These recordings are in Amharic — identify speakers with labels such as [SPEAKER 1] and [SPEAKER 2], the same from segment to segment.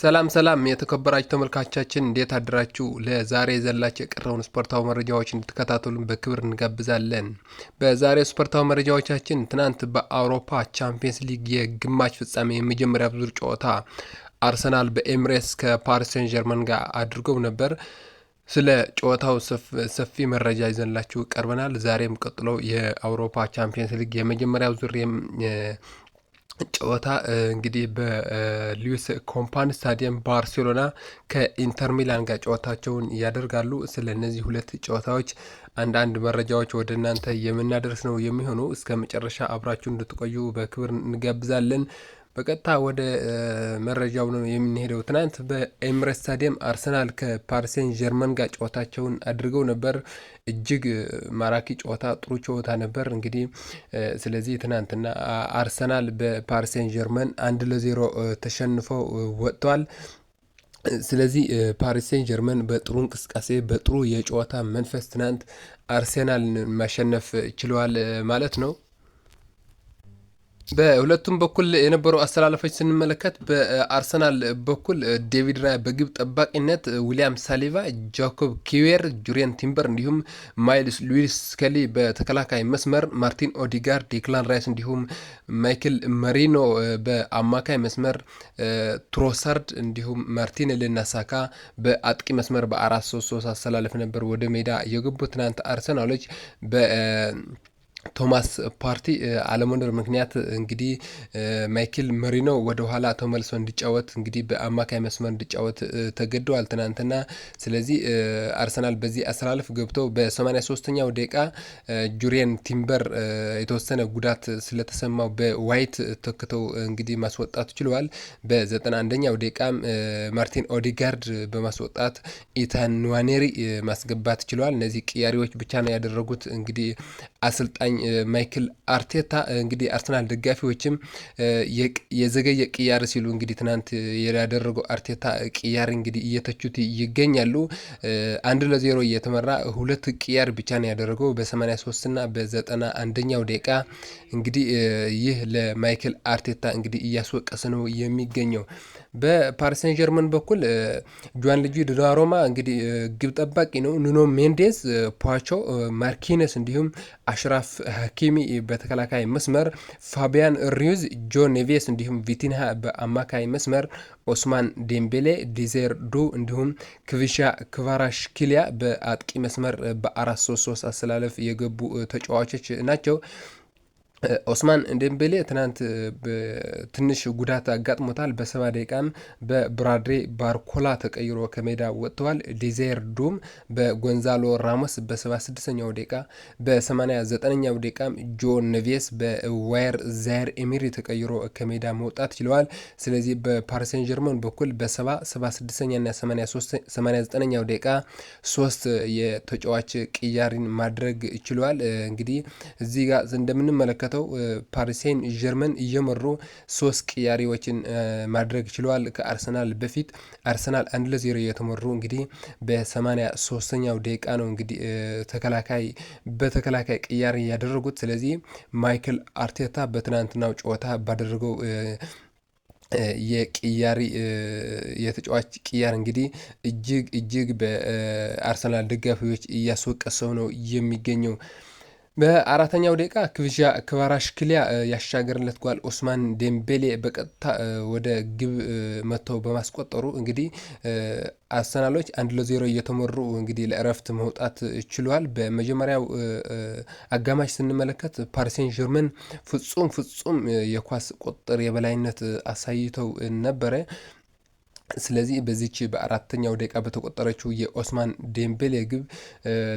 [SPEAKER 1] ሰላም ሰላም የተከበራችሁ ተመልካቻችን እንዴት አድራችሁ? ለዛሬ የዘላቸው የቀረውን ስፖርታዊ መረጃዎች እንድትከታተሉን በክብር እንጋብዛለን። በዛሬ ስፖርታዊ መረጃዎቻችን ትናንት በአውሮፓ ቻምፒየንስ ሊግ የግማሽ ፍጻሜ የመጀመሪያ ዙር ጨዋታ አርሰናል በኤምሬስ ከፓሪስ ሴን ጀርመን ጋር አድርገው ነበር። ስለ ጨዋታው ሰፊ መረጃ ይዘንላችሁ ቀርበናል። ዛሬም ቀጥሎ የአውሮፓ ቻምፒየንስ ሊግ የመጀመሪያ ዙር ጨዋታ እንግዲህ በሉዊስ ኮምፓኒ ስታዲየም ባርሴሎና ከኢንተር ሚላን ጋር ጨዋታቸውን ያደርጋሉ። ስለ እነዚህ ሁለት ጨዋታዎች አንዳንድ መረጃዎች ወደ እናንተ የምናደርስ ነው የሚሆኑ እስከ መጨረሻ አብራችሁ እንድትቆዩ በክብር እንጋብዛለን። በቀጥታ ወደ መረጃው ነው የምንሄደው። ትናንት በኤምሬትስ ስታዲየም አርሰናል ከፓሪሴን ጀርመን ጋር ጨዋታቸውን አድርገው ነበር። እጅግ ማራኪ ጨዋታ፣ ጥሩ ጨዋታ ነበር። እንግዲህ ስለዚህ ትናንትና አርሰናል በፓሪሴን ጀርመን አንድ ለዜሮ ተሸንፈው ወጥተዋል። ስለዚህ ፓሪስ ሴን ጀርመን በጥሩ እንቅስቃሴ በጥሩ የጨዋታ መንፈስ ትናንት አርሴናል ማሸነፍ ችለዋል ማለት ነው። በሁለቱም በኩል የነበሩ አስተላለፎች ስንመለከት በአርሰናል በኩል ዴቪድ ራያ በግብ ጠባቂነት፣ ዊሊያም ሳሊቫ፣ ጃኮብ ኪዌር፣ ጁሪየን ቲምበር እንዲሁም ማይልስ ሉዊስ ስኬሊ በተከላካይ መስመር፣ ማርቲን ኦዲጋርድ፣ ዴክላን ራይስ እንዲሁም ማይክል መሪኖ በአማካይ መስመር፣ ትሮሳርድ እንዲሁም ማርቲን ልናሳካ በአጥቂ መስመር በአራት ሶስት ሶስት አስተላለፍ ነበር ወደ ሜዳ የገቡ ትናንት አርሰናሎች በ ቶማስ ፓርቲ አለመኖር ምክንያት እንግዲህ ማይክል መሪኖ ኋላ ተመልሶ እንዲጫወት እንግዲህ በአማካይ መስመር እንዲጫወት ተገደዋል ትናንትና። ስለዚህ አርሰናል በዚህ አሰላለፍ ገብቶ በ83ኛው ደቂቃ ጁሪየን ቲምበር የተወሰነ ጉዳት ስለተሰማው በዋይት ተክተው እንግዲህ ማስወጣት ችለዋል። በ91ኛው ደቂቃም ማርቲን ኦዲጋርድ በማስወጣት ኢታን ንዋኔሪ ማስገባት ችለዋል። እነዚህ ቅያሪዎች ብቻ ነው ያደረጉት እንግዲህ አሰልጣኝ አሰልጣኝ ማይክል አርቴታ እንግዲህ አርሰናል ደጋፊዎችም የዘገየ ቅያር ሲሉ እንግዲህ ትናንት ያደረገው አርቴታ ቅያር እንግዲህ እየተቹት ይገኛሉ። አንድ ለዜሮ እየተመራ ሁለት ቅያር ብቻ ነው ያደረገው በ83 ና በዘጠና አንደኛው ደቂቃ እንግዲህ ይህ ለማይክል አርቴታ እንግዲህ እያስወቀሰ ነው የሚገኘው። በፓሪሰን ጀርመን በኩል ጆዋን ልጂ ዶናሩማ እንግዲህ ግብ ጠባቂ ነው። ኑኖ ሜንዴዝ፣ ፖቾ፣ ማርኪነስ እንዲሁም አሽራፍ ሀኪሚ በተከላካይ መስመር፣ ፋቢያን ሪዩዝ፣ ጆ ኔቬስ እንዲሁም ቪቲንሃ በአማካይ መስመር፣ ኦስማን ዴምቤሌ፣ ዲዜር ዱ እንዲሁም ክቪሻ ክቫራሽ ኪሊያ በአጥቂ መስመር በአራት ሶስት ሶስት አስተላለፍ የገቡ ተጫዋቾች ናቸው። ኦስማን ዴምቤሌ ትናንት ትንሽ ጉዳት አጋጥሞታል። በሰባ ደቂቃም በብራድሬ ባርኮላ ተቀይሮ ከሜዳ ወጥተዋል። ዲዜር ዱም በጎንዛሎ ራሞስ በ76ኛው ደቂቃ፣ በ89ኛው ደቂቃም ጆ ነቬስ በዋየር ዛየር ኤሚሪ ተቀይሮ ከሜዳ መውጣት ችለዋል። ስለዚህ በፓሪሴን ጀርመን በኩል በ70 76ኛና 89ኛው ደቂቃ ሶስት የተጫዋች ቅያሪን ማድረግ ችለዋል። እንግዲህ እዚህ ጋር እንደምንመለከተው ተጫውተው ፓሪሴን ጀርመን እየመሩ ሶስት ቅያሪዎችን ማድረግ ችለዋል። ከአርሰናል በፊት አርሰናል አንድ ለዜሮ የተመሩ እንግዲህ በሰማንያ ሶስተኛው ደቂቃ ነው እንግዲህ ተከላካይ በተከላካይ ቅያሪ ያደረጉት። ስለዚህ ማይክል አርቴታ በትናንትናው ጨዋታ ባደረገው የቅያሪ የተጫዋች ቅያር እንግዲህ እጅግ እጅግ በአርሰናል ደጋፊዎች እያስወቀሰው ነው የሚገኘው። በአራተኛው ደቂቃ ክቪዣ ክቫራሽክሊያ ያሻገርለት ጓል ኦስማን ዴምቤሌ በቀጥታ ወደ ግብ መጥተው በማስቆጠሩ እንግዲህ አርሰናሎች አንድ ለዜሮ እየተመሩ እንግዲህ ለእረፍት መውጣት ችሏል። በመጀመሪያው አጋማሽ ስንመለከት ፓሪሴን ጀርመን ፍጹም ፍጹም የኳስ ቁጥር የበላይነት አሳይተው ነበረ። ስለዚህ በዚች በአራተኛው ደቂቃ በተቆጠረችው የኦስማን ዴምቤሌ ግብ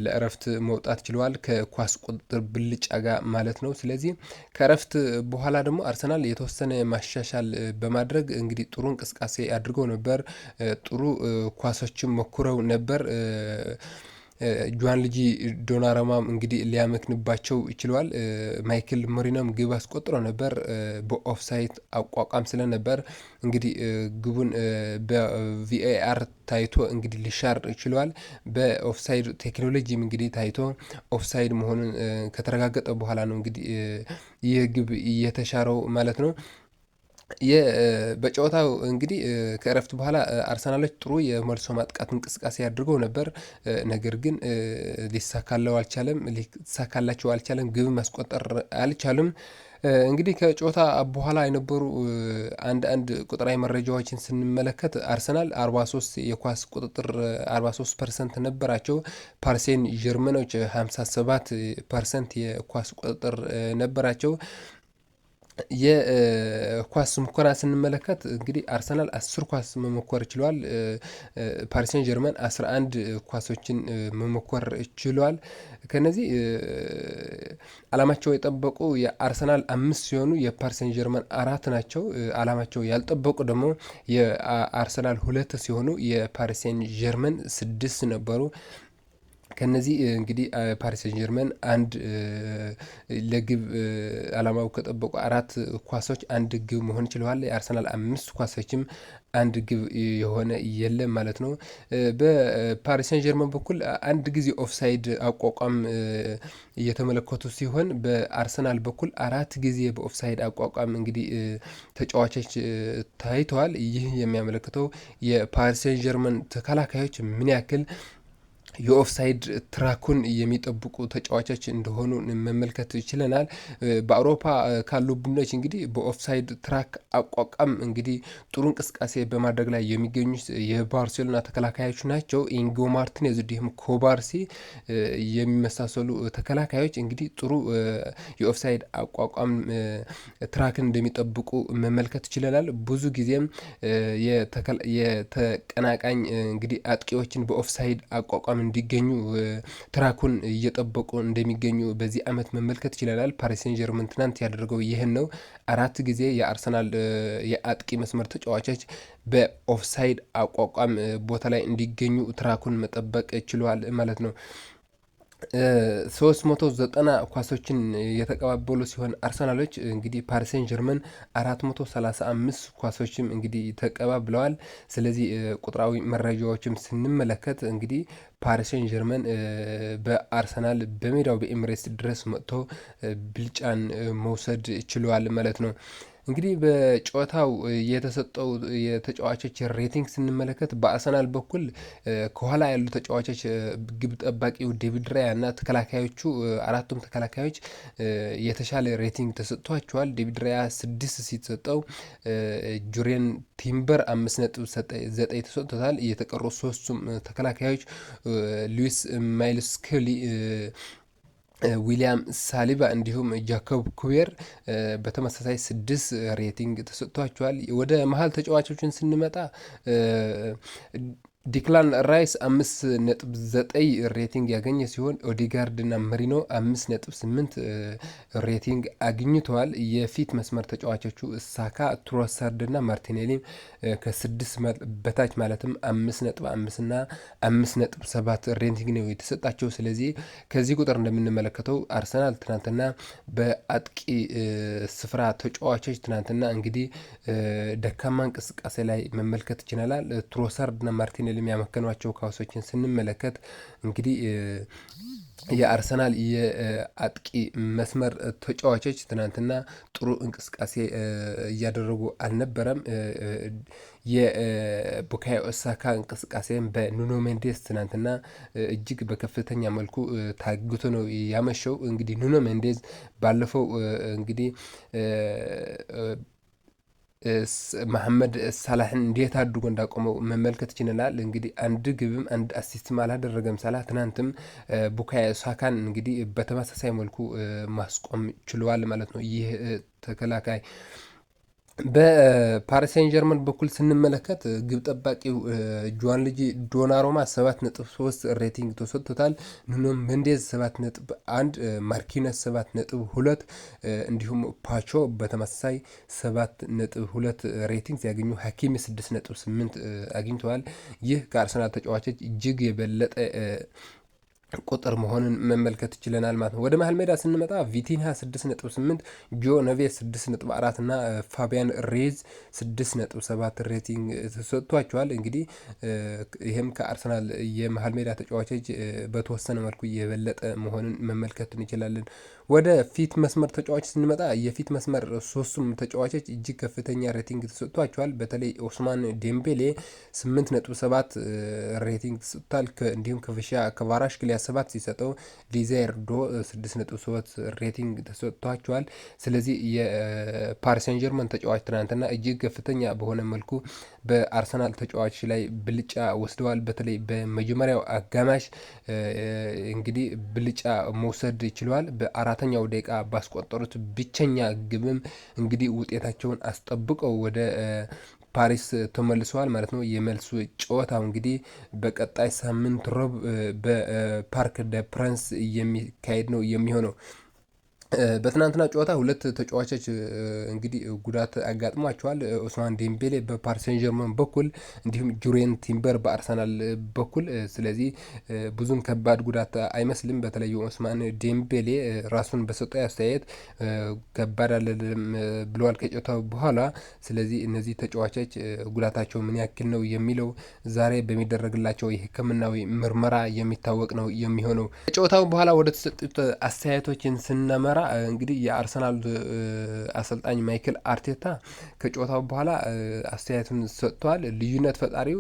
[SPEAKER 1] ለእረፍት መውጣት ችለዋል፣ ከኳስ ቁጥጥር ብልጫ ጋር ማለት ነው። ስለዚህ ከእረፍት በኋላ ደግሞ አርሰናል የተወሰነ ማሻሻል በማድረግ እንግዲህ ጥሩ እንቅስቃሴ አድርገው ነበር። ጥሩ ኳሶችም ሞክረው ነበር። ጆን ልጂ ዶናራማም እንግዲህ ሊያመክንባቸው ችሏል። ማይክል ሞሪኖም ግብ አስቆጥሮ ነበር። በኦፍሳይት አቋቋም ስለነበር እንግዲህ ግቡን በቪኤአር ታይቶ እንግዲህ ሊሻር ችሏል። በኦፍሳይድ ቴክኖሎጂም እንግዲህ ታይቶ ኦፍሳይድ መሆኑን ከተረጋገጠ በኋላ ነው እንግዲህ ይህ ግብ እየተሻረው ማለት ነው። በጨዋታው እንግዲህ ከእረፍት በኋላ አርሰናሎች ጥሩ የመልሶ ማጥቃት እንቅስቃሴ አድርገው ነበር። ነገር ግን ሊሳካለው አልቻለም ሊሳካላቸው አልቻለም። ግብ ማስቆጠር አልቻሉም። እንግዲህ ከጨዋታ በኋላ የነበሩ አንድ አንድ ቁጥራዊ መረጃዎችን ስንመለከት አርሰናል 43 የኳስ ቁጥጥር 43 ፐርሰንት ነበራቸው። ፓርሴን ጀርመኖች 57 ፐርሰንት የኳስ ቁጥጥር ነበራቸው። የኳስ ሙከራ ስንመለከት እንግዲህ አርሰናል አስር ኳስ መሞከር ችሏል። ፓሪሰን ጀርመን አስራ አንድ ኳሶችን መሞከር ችሏል። ከነዚህ አላማቸው የጠበቁ የአርሰናል አምስት ሲሆኑ የፓሪሰን ጀርመን አራት ናቸው። አላማቸው ያልጠበቁ ደግሞ የአርሰናል ሁለት ሲሆኑ የፓሪሰን ጀርመን ስድስት ነበሩ። ከነዚህ እንግዲህ ፓሪስ ሴን ጀርመን አንድ ለግብ አላማው ከጠበቁ አራት ኳሶች አንድ ግብ መሆን ችለዋል። የአርሰናል አምስት ኳሶችም አንድ ግብ የሆነ የለም ማለት ነው። በፓሪስ ሴን ጀርመን በኩል አንድ ጊዜ ኦፍሳይድ አቋቋም እየተመለከቱ ሲሆን በአርሰናል በኩል አራት ጊዜ በኦፍሳይድ አቋቋም እንግዲህ ተጫዋቾች ታይተዋል። ይህ የሚያመለክተው የፓሪስ ሴን ጀርመን ተከላካዮች ምን ያክል የኦፍሳይድ ትራኩን የሚጠብቁ ተጫዋቾች እንደሆኑ መመልከት ችለናል። በአውሮፓ ካሉ ቡድኖች እንግዲህ በኦፍሳይድ ትራክ አቋቋም እንግዲህ ጥሩ እንቅስቃሴ በማድረግ ላይ የሚገኙት የባርሴሎና ተከላካዮች ናቸው። ኢንጎ ማርቲኔዝ እንዲሁም ኮባርሲ የሚመሳሰሉ ተከላካዮች እንግዲህ ጥሩ የኦፍሳይድ አቋቋም ትራክን እንደሚጠብቁ መመልከት ችለናል። ብዙ ጊዜም የተቀናቃኝ እንግዲህ አጥቂዎችን በኦፍሳይድ አቋቋም እንዲገኙ ትራኩን እየጠበቁ እንደሚገኙ በዚህ አመት መመልከት ይችላላል። ፓሪሴን ጀርመን ትናንት ያደረገው ይህን ነው። አራት ጊዜ የአርሰናል የአጥቂ መስመር ተጫዋቾች በኦፍሳይድ አቋቋም ቦታ ላይ እንዲገኙ ትራኩን መጠበቅ ችሏል ማለት ነው። ሶስት መቶ ዘጠና ኳሶችን የተቀባበሉ ሲሆን አርሰናሎች እንግዲህ ፓሪሴን ጀርመን አራት መቶ ሰላሳ አምስት ኳሶችም እንግዲህ ተቀባብለዋል። ስለዚህ ቁጥራዊ መረጃዎችም ስንመለከት እንግዲህ ፓሪሴን ጀርመን በአርሰናል በሜዳው በኤምሬትስ ድረስ መጥቶ ብልጫን መውሰድ ችለዋል ማለት ነው። እንግዲህ በጨዋታው የተሰጠው የተጫዋቾች ሬቲንግ ስንመለከት በአርሰናል በኩል ከኋላ ያሉ ተጫዋቾች ግብ ጠባቂው ዴቪድ ራያ እና ተከላካዮቹ አራቱም ተከላካዮች የተሻለ ሬቲንግ ተሰጥቷቸዋል። ዴቪድ ራያ ስድስት ሲሰጠው ጁሬን ቲምበር አምስት ነጥብ ዘጠኝ ተሰጥቶታል። የተቀሩ ሶስቱም ተከላካዮች ሉዊስ ማይልስ ኩሊ ዊሊያም ሳሊባ እንዲሁም ጃኮብ ኩቤር በተመሳሳይ ስድስት ሬቲንግ ተሰጥቷቸዋል። ወደ መሀል ተጫዋቾችን ስንመጣ ዲክላን ራይስ አምስት ነጥብ ዘጠኝ ሬቲንግ ያገኘ ሲሆን ኦዲጋርድ እና መሪኖ አምስት ነጥብ ስምንት ሬቲንግ አግኝተዋል። የፊት መስመር ተጫዋቾቹ ሳካ፣ እና ማርቲኔሊም ከስድስት በታች ማለትም አምስት ነጥብ አምስትና አምስት ነጥብ ሰባት ሬቲንግ ነው የተሰጣቸው። ስለዚህ ከዚህ ቁጥር እንደምንመለከተው አርሰናል ትናንትና በአጥቂ ስፍራ ተጫዋቾች ትናንትና እንግዲህ ደካማ እንቅስቃሴ ላይ መመልከት ይችላል። እና ማርቲኔሊ በድል ያመከኗቸው ኳሶችን ስንመለከት እንግዲህ የአርሰናል የአጥቂ መስመር ተጫዋቾች ትናንትና ጥሩ እንቅስቃሴ እያደረጉ አልነበረም። የቡካዮ ኦሳካ እንቅስቃሴም በኑኖ ሜንዴስ ትናንትና እጅግ በከፍተኛ መልኩ ታግቶ ነው ያመሸው። እንግዲህ ኑኖ ሜንዴዝ ባለፈው እንግዲህ መሐመድ ሳላህን እንዴት አድርጎ እንዳቆመው መመልከት ችለናል። እንግዲህ አንድ ግብም አንድ አሲስትም አላደረገም ሳላህ። ትናንትም ቡካ ሳካን እንግዲህ በተመሳሳይ መልኩ ማስቆም ችለዋል ማለት ነው ይህ ተከላካይ በፓሪሴን ጀርመን በኩል ስንመለከት ግብ ጠባቂው ጆዋን ልጅ ዶናሮማ ሰባት ነጥብ ሶስት ሬቲንግ ተሰጥቶታል። ኑኖ መንዴዝ ሰባት ነጥብ አንድ ማርኪነስ ሰባት ነጥብ ሁለት እንዲሁም ፓቾ በተመሳሳይ ሰባት ነጥብ ሁለት ሬቲንግ ሲያገኙ ሀኪሚ ስድስት ነጥብ ስምንት አግኝተዋል። ይህ ከአርሰናል ተጫዋቾች እጅግ የበለጠ ቁጥር መሆንን መመልከት ችለናል ማለት ነው። ወደ መሀል ሜዳ ስንመጣ ቪቲንሃ 6.8፣ ጆ ነቬ 6.4 እና ፋቢያን ሬዝ 6.7 ሬቲንግ ተሰጥቷቸዋል። እንግዲህ ይህም ከአርሰናል የመሀል ሜዳ ተጫዋቾች በተወሰነ መልኩ የበለጠ መሆንን መመልከት እንችላለን። ወደ ፊት መስመር ተጫዋች ስንመጣ የፊት መስመር ሶስቱም ተጫዋቾች እጅግ ከፍተኛ ሬቲንግ ተሰጥቷቸዋል። በተለይ ኦስማን ዴምቤሌ 8.7 ሬቲንግ ተሰጥቷል። እንዲሁም ከቪሻ ክሊያ ሰባት ሲሰጠው ሊዘርዶ ስድስት ሬቲንግ ተሰጥቷቸዋል። ስለዚህ የፓሪስ ጀርመን ተጫዋች ትናንትና እጅግ ከፍተኛ በሆነ መልኩ በአርሰናል ተጫዋች ላይ ብልጫ ወስደዋል። በተለይ በመጀመሪያው አጋማሽ እንግዲህ ብልጫ መውሰድ ችለዋል። በአራተኛው ደቂቃ ባስቆጠሩት ብቸኛ ግብም እንግዲህ ውጤታቸውን አስጠብቀው ወደ ፓሪስ ተመልሰዋል ማለት ነው። የመልሱ ጨዋታው እንግዲህ በቀጣይ ሳምንት ሮብ በፓርክ ደ ፕራንስ የሚካሄድ ነው የሚሆነው። በትናንትና ጨዋታ ሁለት ተጫዋቾች እንግዲህ ጉዳት አጋጥሟቸዋል። ኦስማን ዴምቤሌ በፓሪሰን ጀርመን በኩል እንዲሁም ጁሬን ቲምበር በአርሰናል በኩል። ስለዚህ ብዙም ከባድ ጉዳት አይመስልም። በተለይ ኦስማን ዴምቤሌ ራሱን በሰጠው አስተያየት ከባድ አለለም ብለዋል ከጨዋታው በኋላ። ስለዚህ እነዚህ ተጫዋቾች ጉዳታቸው ምን ያክል ነው የሚለው ዛሬ በሚደረግላቸው የሕክምናዊ ምርመራ የሚታወቅ ነው የሚሆነው። ከጨዋታው በኋላ ወደ ተሰጡት አስተያየቶችን ስናመራ ስናወራ እንግዲህ የአርሰናል አሰልጣኝ ማይክል አርቴታ ከጨዋታው በኋላ አስተያየቱን ሰጥተዋል። ልዩነት ፈጣሪው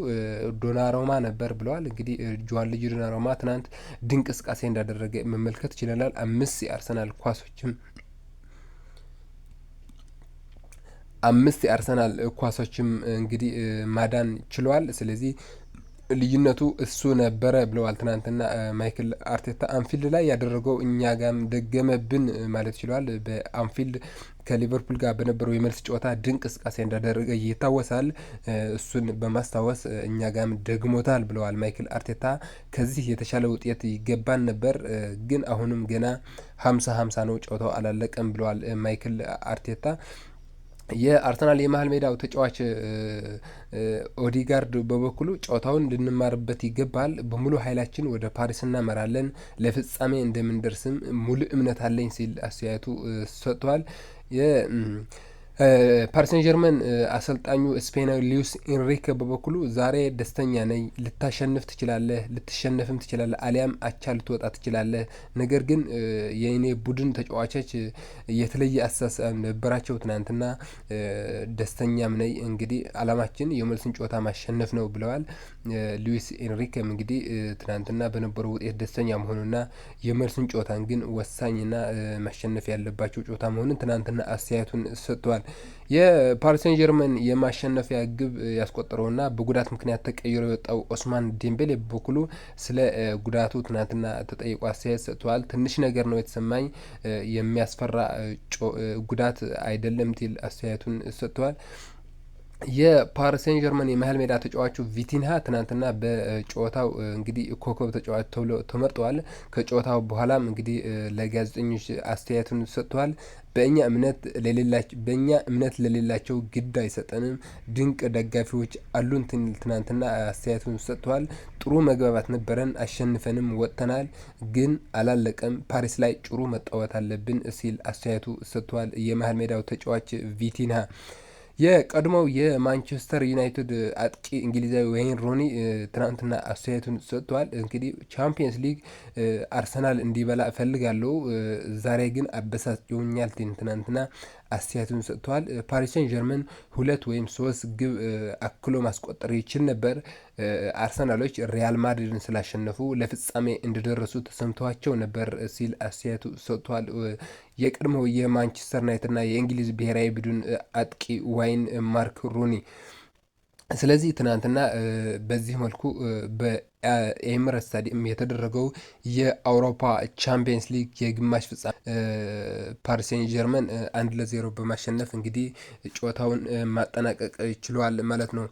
[SPEAKER 1] ዶናሮማ ነበር ብለዋል። እንግዲህ ጁዋን ልጅ ዶናሮማ ትናንት ድንቅ እንቅስቃሴ እንዳደረገ መመልከት ችለናል። አምስት የአርሰናል ኳሶችም አምስት የአርሰናል ኳሶችም እንግዲህ ማዳን ችለዋል። ስለዚህ ልዩነቱ እሱ ነበረ ብለዋል። ትናንትና ማይክል አርቴታ አንፊልድ ላይ ያደረገው እኛ ጋም ደገመብን ማለት ይችላል። በአንፊልድ ከሊቨርፑል ጋር በነበረው የመልስ ጨዋታ ድንቅ እንቅስቃሴ እንዳደረገ ይታወሳል። እሱን በማስታወስ እኛ ጋም ደግሞታል ብለዋል ማይክል አርቴታ። ከዚህ የተሻለ ውጤት ይገባን ነበር፣ ግን አሁንም ገና ሀምሳ ሀምሳ ነው፣ ጨዋታው አላለቀም ብለዋል ማይክል አርቴታ። የአርሰናል የመሀል ሜዳው ተጫዋች ኦዲጋርድ በበኩሉ ጨዋታውን ልንማርበት ይገባል። በሙሉ ኃይላችን ወደ ፓሪስ እናመራለን፣ ለፍጻሜ እንደምንደርስም ሙሉ እምነት አለኝ ሲል አስተያየቱ ሰጥቷል። ፓሪሰን ጀርመን አሰልጣኙ ስፔናዊ ሊዩስ ኢንሪክ በበኩሉ ዛሬ ደስተኛ ነኝ። ልታሸንፍ ትችላለህ፣ ልትሸነፍም ትችላለህ፣ አሊያም አቻ ልትወጣ ትችላለህ። ነገር ግን የእኔ ቡድን ተጫዋቾች የተለየ አስተሳሰብ ነበራቸው ትናንትና። ደስተኛም ነኝ። እንግዲህ አላማችን የመልስን ጨዋታ ማሸነፍ ነው ብለዋል። ሊዩስ ኢንሪክም እንግዲህ ትናንትና በነበረው ውጤት ደስተኛ መሆኑና የመልስን ጨዋታን ግን ወሳኝና ማሸነፍ ያለባቸው ጨዋታ መሆኑን ትናንትና አስተያየቱን ሰጥቷል። ሴን ጀርመን የማሸነፊያ ግብ ያስቆጠረውና በጉዳት ምክንያት ተቀይሮ የወጣው ኦስማን ዴምቤሌ በበኩሉ ስለ ጉዳቱ ትናንትና ተጠይቆ አስተያየት ሰጥተዋል። ትንሽ ነገር ነው የተሰማኝ፣ የሚያስፈራ ጉዳት አይደለም ሲል አስተያየቱን ሰጥተዋል። የፓሪሴን ጀርመን የመሀል ሜዳ ተጫዋቹ ቪቲንሃ ትናንትና በጨዋታው እንግዲህ ኮከብ ተጫዋች ተብሎ ተመርጠዋል። ከጨዋታው በኋላም እንግዲህ ለጋዜጠኞች አስተያየቱን ሰጥተዋል። በእኛ እምነት ለሌላቸው በእኛ እምነት ለሌላቸው ግድ አይሰጠንም። ድንቅ ደጋፊዎች አሉን። ትናንትና አስተያየቱን ሰጥተዋል። ጥሩ መግባባት ነበረን። አሸንፈንም ወጥተናል፣ ግን አላለቀም። ፓሪስ ላይ ጥሩ መጫወት አለብን ሲል አስተያየቱ ሰጥተዋል። የመሀል ሜዳው ተጫዋች ቪቲንሃ የቀድሞው የማንቸስተር ዩናይትድ አጥቂ እንግሊዛዊ ወይን ሮኒ ትናንትና አስተያየቱን ሰጥቷል። እንግዲህ ቻምፒየንስ ሊግ አርሰናል እንዲበላ እፈልጋለሁ፣ ዛሬ ግን አበሳጭቶኛል። ትናንትና አስተያየቱን ሰጥተዋል። ፓሪሰን ጀርመን ሁለት ወይም ሶስት ግብ አክሎ ማስቆጠር ይችል ነበር። አርሰናሎች ሪያል ማድሪድን ስላሸነፉ ለፍጻሜ እንደደረሱ ተሰምተዋቸው ነበር ሲል አስተያየቱ ሰጥተዋል። የቀድሞው የማንቸስተር ዩናይትድና የእንግሊዝ ብሔራዊ ቡድን አጥቂ ዋይን ማርክ ሩኒ ስለዚህ ትናንትና በዚህ መልኩ በኤምሬትስ ስታዲየም የተደረገው የአውሮፓ ቻምፒየንስ ሊግ የግማሽ ፍጻሜ ፓሪሴን ጀርመን አንድ ለዜሮ በማሸነፍ እንግዲህ ጨዋታውን ማጠናቀቅ ችሏል ማለት ነው።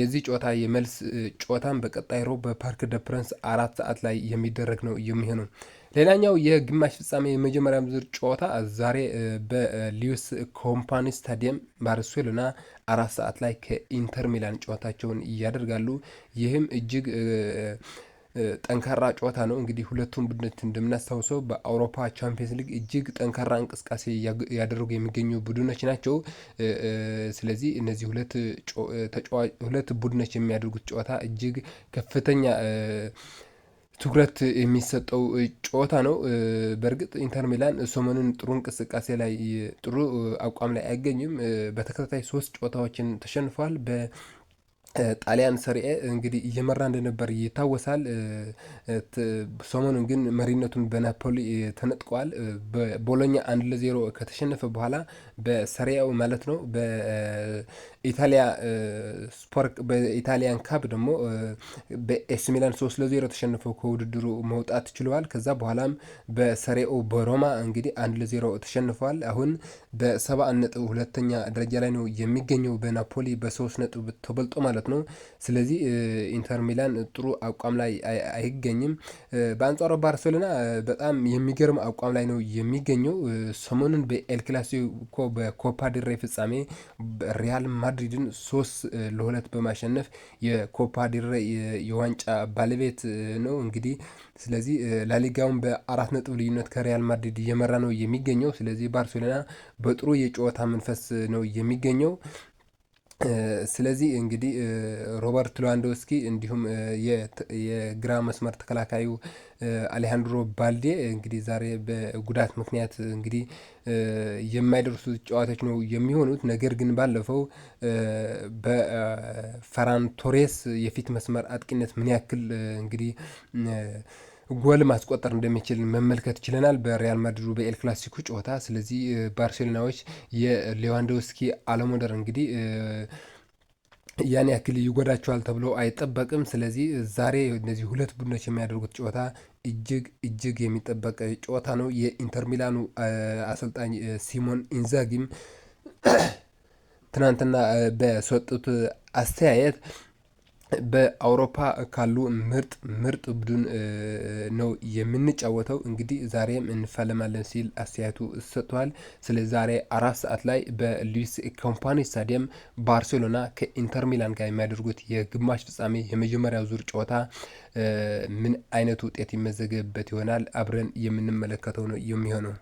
[SPEAKER 1] የዚህ ጨዋታ የመልስ ጨዋታን በቀጣይ ሮብ በፓርክ ደ ፕረንስ አራት ሰዓት ላይ የሚደረግ ነው የሚሆነው። ሌላኛው የግማሽ ፍጻሜ የመጀመሪያ ዙር ጨዋታ ዛሬ በሊዩስ ኮምፓኒ ስታዲየም ባርሴሎና አራት ሰዓት ላይ ከኢንተር ሚላን ጨዋታቸውን እያደርጋሉ። ይህም እጅግ ጠንካራ ጨዋታ ነው። እንግዲህ ሁለቱም ቡድኖች እንደምናስታውሰው በአውሮፓ ቻምፒየንስ ሊግ እጅግ ጠንካራ እንቅስቃሴ ያደረጉ የሚገኙ ቡድኖች ናቸው። ስለዚህ እነዚህ ሁለት ቡድኖች የሚያደርጉት ጨዋታ እጅግ ከፍተኛ ትኩረት የሚሰጠው ጨዋታ ነው። በእርግጥ ኢንተር ሚላን ሰሞኑን ጥሩ እንቅስቃሴ ላይ ጥሩ አቋም ላይ አይገኝም። በተከታታይ ሶስት ጨዋታዎችን ተሸንፏል። ጣሊያን ሰሪኤ እንግዲህ እየመራ እንደነበር ይታወሳል። ሰሞኑን ግን መሪነቱን በናፖሊ ተነጥቀዋል። በቦሎኛ አንድ ለዜሮ ከተሸነፈ በኋላ በሰሪያው ማለት ነው በኢታሊያ ስፖርክ በኢታሊያን ካፕ ደግሞ በኤስ ሚላን ሶስት ለዜሮ ተሸንፈው ከውድድሩ መውጣት ችለዋል። ከዛ በኋላም በሰሪኤው በሮማ እንግዲህ አንድ ለዜሮ ተሸንፈዋል። አሁን በሰባ ነጥብ ሁለተኛ ደረጃ ላይ ነው የሚገኘው በናፖሊ በሶስት ነጥብ ተበልጦ ማለት ማለት ነው። ስለዚህ ኢንተር ሚላን ጥሩ አቋም ላይ አይገኝም። በአንጻሩ ባርሴሎና በጣም የሚገርም አቋም ላይ ነው የሚገኘው። ሰሞኑን በኤል ክላሲኮ በኮፓ ድሬ ፍጻሜ ሪያል ማድሪድን ሶስት ለሁለት በማሸነፍ የኮፓ ድሬ የዋንጫ ባለቤት ነው እንግዲህ ስለዚህ ላሊጋውን በአራት ነጥብ ልዩነት ከሪያል ማድሪድ እየመራ ነው የሚገኘው። ስለዚህ ባርሴሎና በጥሩ የጨዋታ መንፈስ ነው የሚገኘው። ስለዚህ እንግዲህ ሮበርት ሉዋንዶስኪ እንዲሁም የግራ መስመር ተከላካዩ አሌሃንድሮ ባልዴ እንግዲህ ዛሬ በጉዳት ምክንያት እንግዲህ የማይደርሱ ጨዋታዎች ነው የሚሆኑት። ነገር ግን ባለፈው በፈራን ቶሬስ የፊት መስመር አጥቂነት ምን ያክል እንግዲህ ጎል ማስቆጠር እንደሚችል መመልከት ችለናል በሪያል ማድሪዱ በኤል ክላሲኮ ጨዋታ። ስለዚህ ባርሴሎናዎች የሌዋንዶስኪ አለሞደር እንግዲህ ያን ያክል ይጎዳቸዋል ተብሎ አይጠበቅም። ስለዚህ ዛሬ እነዚህ ሁለት ቡድኖች የሚያደርጉት ጨዋታ እጅግ እጅግ የሚጠበቅ ጨዋታ ነው። የኢንተር ሚላኑ አሰልጣኝ ሲሞን ኢንዛጊም ትናንትና በሰጡት አስተያየት በአውሮፓ ካሉ ምርጥ ምርጥ ቡድን ነው የምንጫወተው። እንግዲህ ዛሬም እንፋለማለን ሲል አስተያየቱ ሰጥቷል። ስለ ዛሬ አራት ሰዓት ላይ በሉዊስ ኮምፓኒ ስታዲየም ባርሴሎና ከኢንተር ሚላን ጋር የሚያደርጉት የግማሽ ፍጻሜ የመጀመሪያ ዙር ጨዋታ ምን አይነት ውጤት ይመዘገብበት ይሆናል? አብረን የምንመለከተው ነው የሚሆነው።